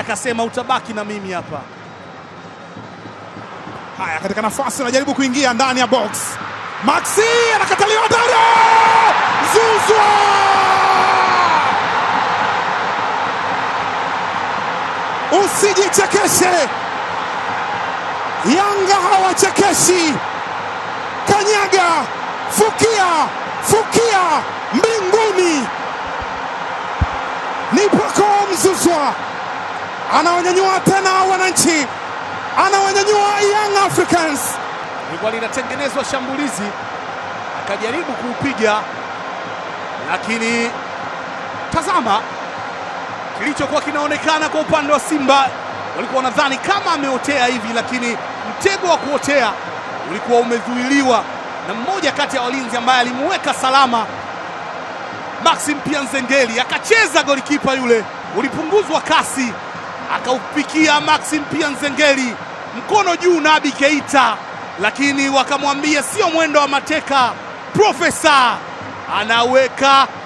Yeye akasema utabaki na mimi hapa. Haya, katika nafasi anajaribu kuingia ndani ya box. Maxi anakataliwa dada Zuzwa Usijichekeshe, Yanga hawachekeshi. Kanyaga, fukia, fukia mbinguni, ni pako Mzuzwa anawanyanyua tena wananchi, anawanyanyua Young Africans. Ilikuwa linatengenezwa shambulizi, akajaribu kuupiga, lakini tazama kilichokuwa kinaonekana kwa upande wa Simba. Walikuwa wanadhani kama ameotea hivi, lakini mtego wa kuotea ulikuwa umezuiliwa na mmoja kati ya walinzi ambaye alimuweka salama Maxim Pianzengeli, akacheza golikipa yule, ulipunguzwa kasi akaupikia Maxim pia Nzengeli, mkono juu Nabi Keita, lakini wakamwambia sio mwendo wa mateka. Profesa anaweka